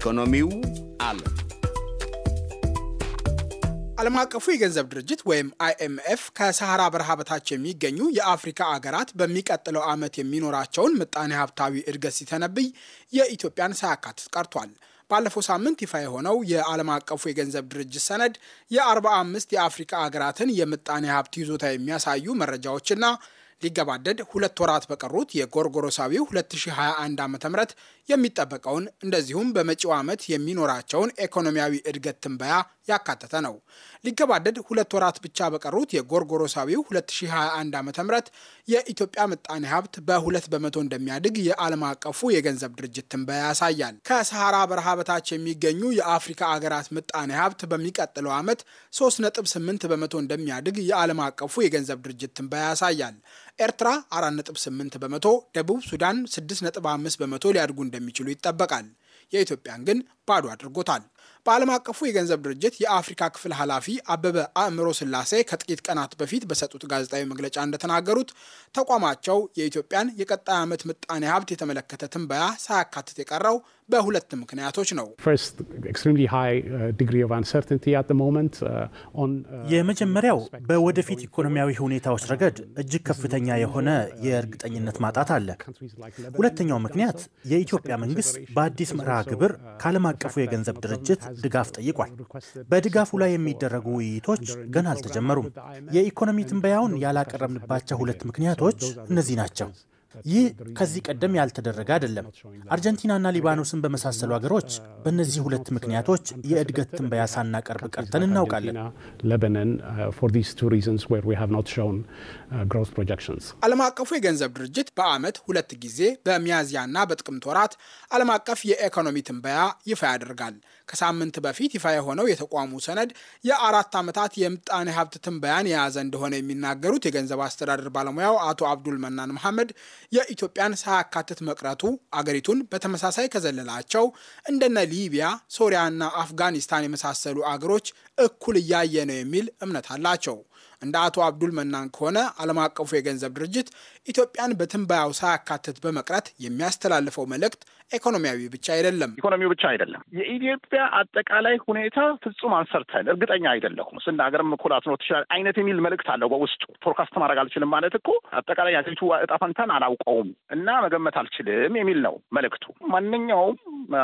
ኢኮኖሚው አለ። ዓለም አቀፉ የገንዘብ ድርጅት ወይም አይኤምኤፍ ከሰሐራ በረሃ በታች የሚገኙ የአፍሪካ አገራት በሚቀጥለው ዓመት የሚኖራቸውን ምጣኔ ሀብታዊ እድገት ሲተነብይ የኢትዮጵያን ሳያካትት ቀርቷል። ባለፈው ሳምንት ይፋ የሆነው የዓለም አቀፉ የገንዘብ ድርጅት ሰነድ የ45 የአፍሪካ አገራትን የምጣኔ ሀብት ይዞታ የሚያሳዩ መረጃዎችና ሊገባደድ ሁለት ወራት በቀሩት የጎርጎሮሳዊው 2021 ዓ ም የሚጠበቀውን እንደዚሁም በመጪው ዓመት የሚኖራቸውን ኢኮኖሚያዊ እድገት ትንበያ ያካተተ ነው። ሊገባደድ ሁለት ወራት ብቻ በቀሩት የጎርጎሮሳዊው 2021 ዓ ም የኢትዮጵያ ምጣኔ ሀብት በሁለት በመቶ እንደሚያድግ የዓለም አቀፉ የገንዘብ ድርጅት ትንበያ ያሳያል። ከሰሃራ በረሃ በታች የሚገኙ የአፍሪካ አገራት ምጣኔ ሀብት በሚቀጥለው ዓመት 3.8 በመቶ እንደሚያድግ የዓለም አቀፉ የገንዘብ ድርጅት ትንበያ ያሳያል። ኤርትራ 4.8 በመቶ፣ ደቡብ ሱዳን 6.5 በመቶ ሊያድጉ እንደሚችሉ ይጠበቃል። የኢትዮጵያን ግን ባዶ አድርጎታል። በዓለም አቀፉ የገንዘብ ድርጅት የአፍሪካ ክፍል ኃላፊ አበበ አእምሮ ስላሴ ከጥቂት ቀናት በፊት በሰጡት ጋዜጣዊ መግለጫ እንደተናገሩት ተቋማቸው የኢትዮጵያን የቀጣይ ዓመት ምጣኔ ሀብት የተመለከተ ትንበያ ሳያካትት የቀረው በሁለት ምክንያቶች ነው። uh, uh, uh, የመጀመሪያው በወደፊት ኢኮኖሚያዊ ሁኔታዎች ረገድ እጅግ ከፍተኛ የሆነ የእርግጠኝነት ማጣት አለ። ሁለተኛው ምክንያት የኢትዮጵያ መንግስት በአዲስ መርሃ ግብር ከዓለም አቀፉ የገንዘብ ድርጅት ድጋፍ ጠይቋል። በድጋፉ ላይ የሚደረጉ ውይይቶች ገና አልተጀመሩም። የኢኮኖሚ ትንበያውን ያላቀረብንባቸው ሁለት ምክንያቶች እነዚህ ናቸው። ይህ ከዚህ ቀደም ያልተደረገ አይደለም። አርጀንቲናና ሊባኖስን በመሳሰሉ ሀገሮች በእነዚህ ሁለት ምክንያቶች የእድገት ትንበያ ሳናቀርብ ቀርተን እናውቃለን። uh, uh, ዓለም አቀፉ የገንዘብ ድርጅት በዓመት ሁለት ጊዜ በሚያዝያና በጥቅምት ወራት ዓለም አቀፍ የኢኮኖሚ ትንበያ ይፋ ያደርጋል። ከሳምንት በፊት ይፋ የሆነው የተቋሙ ሰነድ የአራት ዓመታት የምጣኔ ሀብት ትንበያን የያዘ እንደሆነ የሚናገሩት የገንዘብ አስተዳደር ባለሙያው አቶ አብዱል መናን መሐመድ የኢትዮጵያን ሳያካትት መቅረቱ አገሪቱን በተመሳሳይ ከዘለላቸው እንደነ ሊቢያ፣ ሶሪያና አፍጋኒስታን የመሳሰሉ አገሮች እኩል እያየ ነው የሚል እምነት አላቸው። እንደ አቶ አብዱል መናን ከሆነ ዓለም አቀፉ የገንዘብ ድርጅት ኢትዮጵያን በትንባያው ሳያካትት በመቅረት የሚያስተላልፈው መልእክት ኢኮኖሚያዊ ብቻ አይደለም። ኢኮኖሚው ብቻ አይደለም። የኢትዮጵያ አጠቃላይ ሁኔታ ፍጹም አንሰርተን እርግጠኛ አይደለሁም። ስንደ ሀገርም ኩላት ነው ትችላል አይነት የሚል መልእክት አለው በውስጡ። ፎርካስት ማድረግ አልችልም ማለት እኮ አጠቃላይ የሀገሪቱ እጣ ፈንታን አላውቀውም እና መገመት አልችልም የሚል ነው መልእክቱ። ማንኛውም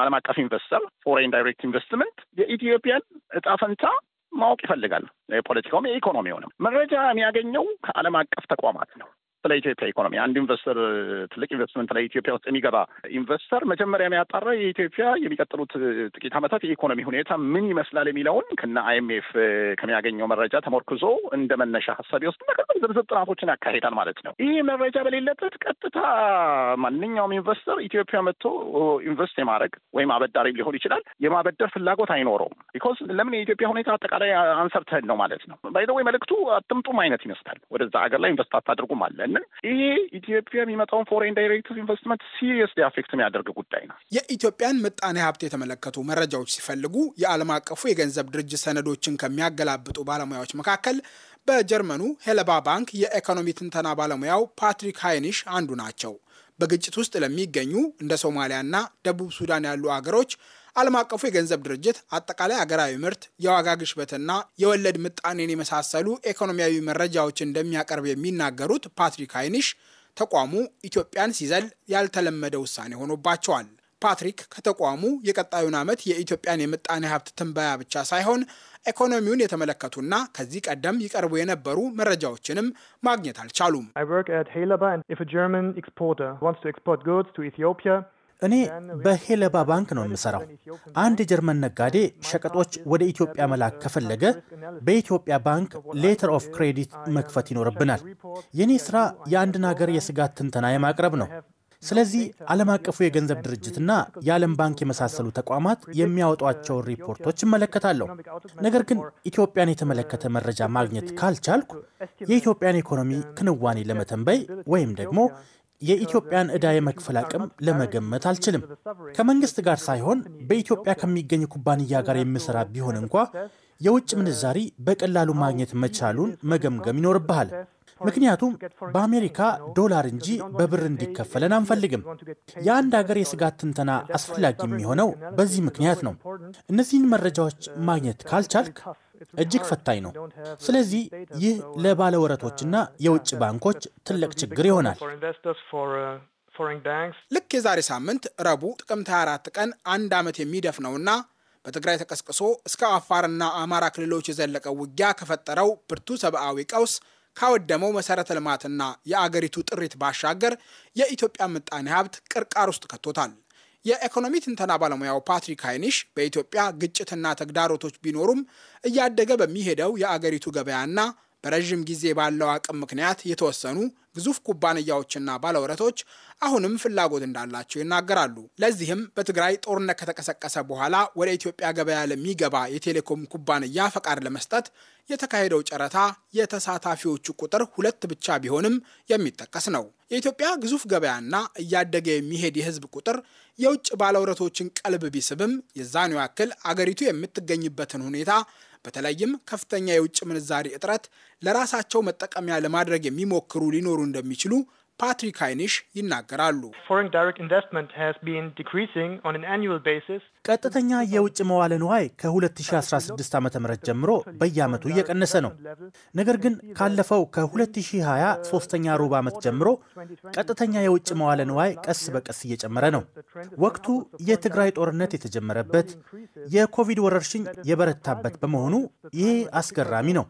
ዓለም አቀፍ ኢንቨስተር ፎሬን ዳይሬክት ኢንቨስትመንት የኢትዮጵያን እጣ ፈንታ ማወቅ ይፈልጋል። የፖለቲካውም የኢኮኖሚውንም መረጃ የሚያገኘው ከዓለም አቀፍ ተቋማት ነው። ስለ ኢትዮጵያ ኢኮኖሚ አንድ ኢንቨስተር ትልቅ ኢንቨስትመንት ላይ ኢትዮጵያ ውስጥ የሚገባ ኢንቨስተር መጀመሪያ የሚያጣራ የኢትዮጵያ የሚቀጥሉት ጥቂት ዓመታት የኢኮኖሚ ሁኔታ ምን ይመስላል የሚለውን ከነ አይኤምኤፍ ከሚያገኘው መረጃ ተሞርክዞ እንደ መነሻ ሀሳብ ይወስድ መቀጠል ዝርዝር ጥናቶችን ያካሄዳል ማለት ነው። ይህ መረጃ በሌለበት ቀጥታ ማንኛውም ኢንቨስተር ኢትዮጵያ መጥቶ ኢንቨስት የማድረግ ወይም አበዳሪም ሊሆን ይችላል የማበደር ፍላጎት አይኖረውም። ቢኮዝ ለምን የኢትዮጵያ ሁኔታ አጠቃላይ አንሰርተህን ነው ማለት ነው። ወይ መልእክቱ አትምጡም አይነት ይመስላል። ወደዛ ሀገር ላይ ኢንቨስት አታድርጉም አለ እና ይሄ ኢትዮጵያ የሚመጣውን ፎሬን ዳይሬክት ኢንቨስትመንት ሲሪየስ አፌክት የሚያደርግ ጉዳይ ነው። የኢትዮጵያን ምጣኔ ሀብት የተመለከቱ መረጃዎች ሲፈልጉ የዓለም አቀፉ የገንዘብ ድርጅት ሰነዶችን ከሚያገላብጡ ባለሙያዎች መካከል በጀርመኑ ሄለባ ባንክ የኢኮኖሚ ትንተና ባለሙያው ፓትሪክ ሃይኒሽ አንዱ ናቸው። በግጭት ውስጥ ለሚገኙ እንደ ሶማሊያና ደቡብ ሱዳን ያሉ አገሮች ዓለም አቀፉ የገንዘብ ድርጅት አጠቃላይ አገራዊ ምርት፣ የዋጋ ግሽበትና የወለድ ምጣኔን የመሳሰሉ ኢኮኖሚያዊ መረጃዎች እንደሚያቀርብ የሚናገሩት ፓትሪክ አይኒሽ ተቋሙ ኢትዮጵያን ሲዘል ያልተለመደ ውሳኔ ሆኖባቸዋል። ፓትሪክ ከተቋሙ የቀጣዩን ዓመት የኢትዮጵያን የምጣኔ ሀብት ትንበያ ብቻ ሳይሆን ኢኮኖሚውን የተመለከቱና ከዚህ ቀደም ይቀርቡ የነበሩ መረጃዎችንም ማግኘት አልቻሉም። እኔ በሄለባ ባንክ ነው የምሰራው። አንድ የጀርመን ነጋዴ ሸቀጦች ወደ ኢትዮጵያ መላክ ከፈለገ በኢትዮጵያ ባንክ ሌተር ኦፍ ክሬዲት መክፈት ይኖርብናል። የእኔ ስራ የአንድን ሀገር የስጋት ትንተና የማቅረብ ነው። ስለዚህ ዓለም አቀፉ የገንዘብ ድርጅትና የዓለም ባንክ የመሳሰሉ ተቋማት የሚያወጧቸውን ሪፖርቶች እመለከታለሁ። ነገር ግን ኢትዮጵያን የተመለከተ መረጃ ማግኘት ካልቻልኩ የኢትዮጵያን ኢኮኖሚ ክንዋኔ ለመተንበይ ወይም ደግሞ የኢትዮጵያን ዕዳ የመክፈል አቅም ለመገመት አልችልም። ከመንግስት ጋር ሳይሆን በኢትዮጵያ ከሚገኝ ኩባንያ ጋር የምሰራ ቢሆን እንኳ የውጭ ምንዛሪ በቀላሉ ማግኘት መቻሉን መገምገም ይኖርብሃል። ምክንያቱም በአሜሪካ ዶላር እንጂ በብር እንዲከፈለን አንፈልግም። የአንድ ሀገር የስጋት ትንተና አስፈላጊ የሚሆነው በዚህ ምክንያት ነው። እነዚህን መረጃዎች uh, ማግኘት ካልቻልክ እጅግ ፈታኝ ነው። ስለዚህ ይህ uh, ለባለወረቶችና uh, የውጭ ባንኮች ትልቅ ችግር ይሆናል። ልክ የዛሬ ሳምንት ረቡዕ ጥቅምት 24 ቀን አንድ ዓመት የሚደፍነውና በትግራይ ተቀስቅሶ እስከ አፋርና አማራ ክልሎች የዘለቀው ውጊያ ከፈጠረው ብርቱ ሰብአዊ ቀውስ ካወደመው መሰረተ ልማትና የአገሪቱ ጥሪት ባሻገር የኢትዮጵያ ምጣኔ ሀብት ቅርቃር ውስጥ ከቶታል። የኢኮኖሚ ትንተና ባለሙያው ፓትሪክ ሃይኒሽ በኢትዮጵያ ግጭትና ተግዳሮቶች ቢኖሩም እያደገ በሚሄደው የአገሪቱ ገበያና በረዥም ጊዜ ባለው አቅም ምክንያት የተወሰኑ ግዙፍ ኩባንያዎችና ባለውረቶች አሁንም ፍላጎት እንዳላቸው ይናገራሉ። ለዚህም በትግራይ ጦርነት ከተቀሰቀሰ በኋላ ወደ ኢትዮጵያ ገበያ ለሚገባ የቴሌኮም ኩባንያ ፈቃድ ለመስጠት የተካሄደው ጨረታ የተሳታፊዎቹ ቁጥር ሁለት ብቻ ቢሆንም የሚጠቀስ ነው። የኢትዮጵያ ግዙፍ ገበያና እያደገ የሚሄድ የሕዝብ ቁጥር የውጭ ባለውረቶችን ቀልብ ቢስብም የዛኑ ያክል አገሪቱ የምትገኝበትን ሁኔታ በተለይም ከፍተኛ የውጭ ምንዛሪ እጥረት ለራሳቸው መጠቀሚያ ለማድረግ የሚሞክሩ ሊኖሩ እንደሚችሉ ፓትሪክ አይኒሽ ይናገራሉ። ቀጥተኛ የውጭ መዋለ ንዋይ ከ2016 ዓ ም ጀምሮ በየዓመቱ እየቀነሰ ነው። ነገር ግን ካለፈው ከ2020 ሶስተኛ ሩብ ዓመት ጀምሮ ቀጥተኛ የውጭ መዋለ ንዋይ ቀስ በቀስ እየጨመረ ነው። ወቅቱ የትግራይ ጦርነት የተጀመረበት የኮቪድ ወረርሽኝ የበረታበት በመሆኑ ይሄ አስገራሚ ነው።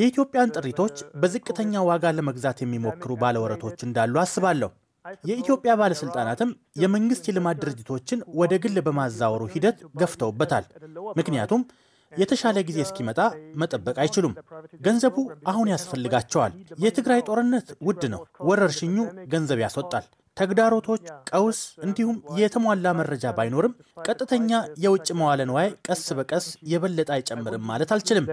የኢትዮጵያን ጥሪቶች በዝቅተኛ ዋጋ ለመግዛት የሚሞክሩ ባለወረቶች እንዳሉ አስባለሁ። የኢትዮጵያ ባለሥልጣናትም የመንግሥት የልማት ድርጅቶችን ወደ ግል በማዛወሩ ሂደት ገፍተውበታል። ምክንያቱም የተሻለ ጊዜ እስኪመጣ መጠበቅ አይችሉም። ገንዘቡ አሁን ያስፈልጋቸዋል። የትግራይ ጦርነት ውድ ነው። ወረርሽኙ ገንዘብ ያስወጣል። ተግዳሮቶች፣ ቀውስ እንዲሁም የተሟላ መረጃ ባይኖርም ቀጥተኛ የውጭ መዋለ ንዋይ ቀስ በቀስ የበለጠ አይጨምርም ማለት አልችልም።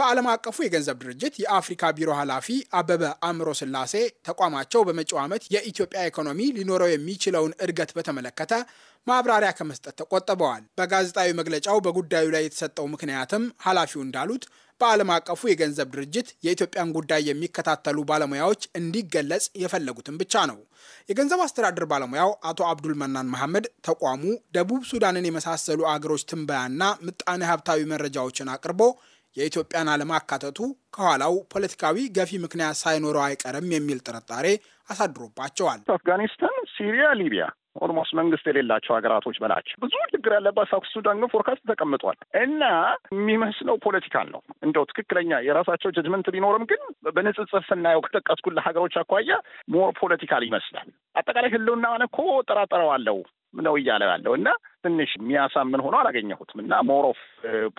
በዓለም አቀፉ የገንዘብ ድርጅት የአፍሪካ ቢሮ ኃላፊ አበበ አእምሮ ስላሴ ተቋማቸው በመጪው ዓመት የኢትዮጵያ ኢኮኖሚ ሊኖረው የሚችለውን እድገት በተመለከተ ማብራሪያ ከመስጠት ተቆጥበዋል። በጋዜጣዊ መግለጫው በጉዳዩ ላይ የተሰጠው ምክንያትም ኃላፊው እንዳሉት በዓለም አቀፉ የገንዘብ ድርጅት የኢትዮጵያን ጉዳይ የሚከታተሉ ባለሙያዎች እንዲገለጽ የፈለጉትን ብቻ ነው። የገንዘብ አስተዳደር ባለሙያው አቶ አብዱል መናን መሐመድ ተቋሙ ደቡብ ሱዳንን የመሳሰሉ አገሮች ትንበያና ምጣኔ ሀብታዊ መረጃዎችን አቅርቦ የኢትዮጵያን አለማካተቱ ከኋላው ፖለቲካዊ ገፊ ምክንያት ሳይኖረው አይቀርም የሚል ጥርጣሬ አሳድሮባቸዋል። አፍጋኒስታን፣ ሲሪያ፣ ሊቢያ ኦልሞስት መንግስት የሌላቸው ሀገራቶች በላቸው ብዙ ችግር ያለባት ሳውት ሱዳን ግን ፎርካስት ተቀምጧል እና የሚመስለው ፖለቲካል ነው። እንደው ትክክለኛ የራሳቸው ጀጅመንት ቢኖርም ግን በንጽጽር ስናየው ከጠቀስኩልህ ሀገሮች አኳያ ሞር ፖለቲካል ይመስላል። አጠቃላይ ህልውናዋን እኮ ጠራጠረዋለው ነው እያለ ያለው እና ትንሽ የሚያሳምን ሆኖ አላገኘሁትም እና ሞር ኦፍ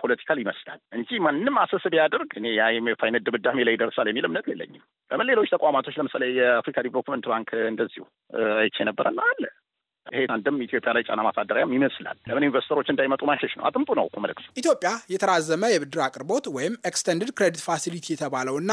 ፖለቲካል ይመስላል እንጂ ማንም አሰስ ቢያደርግ እኔ የአይኤምኤፍ አይነት ድምዳሜ ላይ ይደርሳል የሚል እምነት የለኝም። በምን ሌሎች ተቋማቶች ለምሳሌ የአፍሪካ ዲቨሎፕመንት ባንክ እንደዚሁ አይቼ ነበረና አለ ይሄ አንድም ኢትዮጵያ ላይ ጫና ማሳደሪያም ይመስላል። ለምን ኢንቨስተሮች እንዳይመጡ ማሸሽ ነው። አጥምጡ ነው መልክቱ። ኢትዮጵያ የተራዘመ የብድር አቅርቦት ወይም ኤክስቴንድድ ክሬዲት ፋሲሊቲ የተባለውና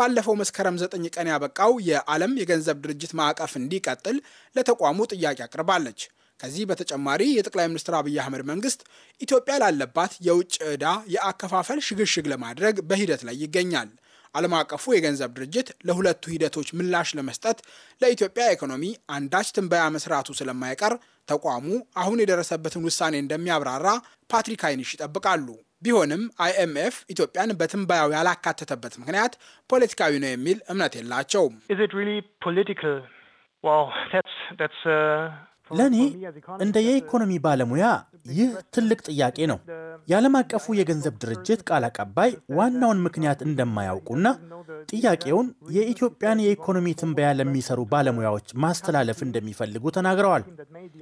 ባለፈው መስከረም ዘጠኝ ቀን ያበቃው የዓለም የገንዘብ ድርጅት ማዕቀፍ እንዲቀጥል ለተቋሙ ጥያቄ አቅርባለች። ከዚህ በተጨማሪ የጠቅላይ ሚኒስትር አብይ አህመድ መንግስት ኢትዮጵያ ላለባት የውጭ ዕዳ የአከፋፈል ሽግሽግ ለማድረግ በሂደት ላይ ይገኛል። ዓለም አቀፉ የገንዘብ ድርጅት ለሁለቱ ሂደቶች ምላሽ ለመስጠት ለኢትዮጵያ ኢኮኖሚ አንዳች ትንበያ መስራቱ ስለማይቀር ተቋሙ አሁን የደረሰበትን ውሳኔ እንደሚያብራራ ፓትሪክ አይንሽ ይጠብቃሉ። ቢሆንም አይኤምኤፍ ኢትዮጵያን በትንበያው ያላካተተበት ምክንያት ፖለቲካዊ ነው የሚል እምነት የላቸውም። ለእኔ እንደ የኢኮኖሚ ባለሙያ ይህ ትልቅ ጥያቄ ነው። የዓለም አቀፉ የገንዘብ ድርጅት ቃል አቀባይ ዋናውን ምክንያት እንደማያውቁና ጥያቄውን የኢትዮጵያን የኢኮኖሚ ትንበያ ለሚሰሩ ባለሙያዎች ማስተላለፍ እንደሚፈልጉ ተናግረዋል።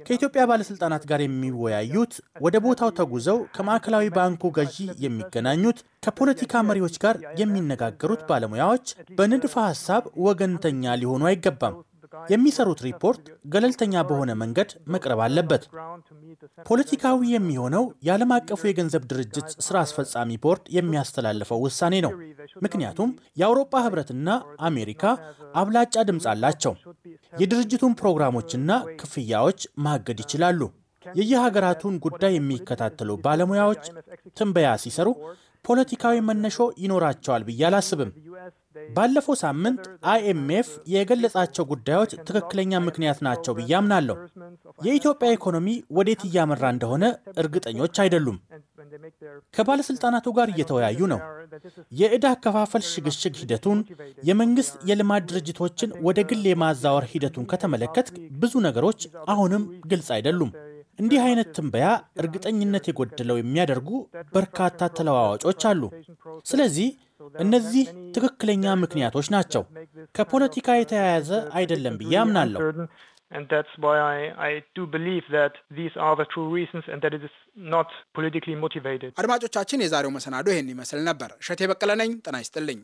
ከኢትዮጵያ ባለሥልጣናት ጋር የሚወያዩት፣ ወደ ቦታው ተጉዘው ከማዕከላዊ ባንኩ ገዢ የሚገናኙት፣ ከፖለቲካ መሪዎች ጋር የሚነጋገሩት ባለሙያዎች በንድፈ ሐሳብ ወገንተኛ ሊሆኑ አይገባም። የሚሰሩት ሪፖርት ገለልተኛ በሆነ መንገድ መቅረብ አለበት። ፖለቲካዊ የሚሆነው የዓለም አቀፉ የገንዘብ ድርጅት ስራ አስፈጻሚ ቦርድ የሚያስተላልፈው ውሳኔ ነው። ምክንያቱም የአውሮፓ ህብረትና አሜሪካ አብላጫ ድምፅ አላቸው። የድርጅቱን ፕሮግራሞችና ክፍያዎች ማገድ ይችላሉ። የየሀገራቱን ጉዳይ የሚከታተሉ ባለሙያዎች ትንበያ ሲሰሩ ፖለቲካዊ መነሾ ይኖራቸዋል ብዬ አላስብም። ባለፈው ሳምንት አይኤምኤፍ የገለጻቸው ጉዳዮች ትክክለኛ ምክንያት ናቸው ብዬ አምናለሁ። የኢትዮጵያ ኢኮኖሚ ወዴት እያመራ እንደሆነ እርግጠኞች አይደሉም። ከባለሥልጣናቱ ጋር እየተወያዩ ነው። የዕዳ አከፋፈል ሽግሽግ ሂደቱን፣ የመንግሥት የልማት ድርጅቶችን ወደ ግል የማዛወር ሂደቱን ከተመለከት ብዙ ነገሮች አሁንም ግልጽ አይደሉም። እንዲህ አይነት ትንበያ እርግጠኝነት የጎደለው የሚያደርጉ በርካታ ተለዋዋጮች አሉ። ስለዚህ እነዚህ ትክክለኛ ምክንያቶች ናቸው። ከፖለቲካ የተያያዘ አይደለም ብዬ አምናለሁ። አድማጮቻችን፣ የዛሬው መሰናዶ ይህን ይመስል ነበር። እሸቴ በቀለ ነኝ። ጤና ይስጥልኝ።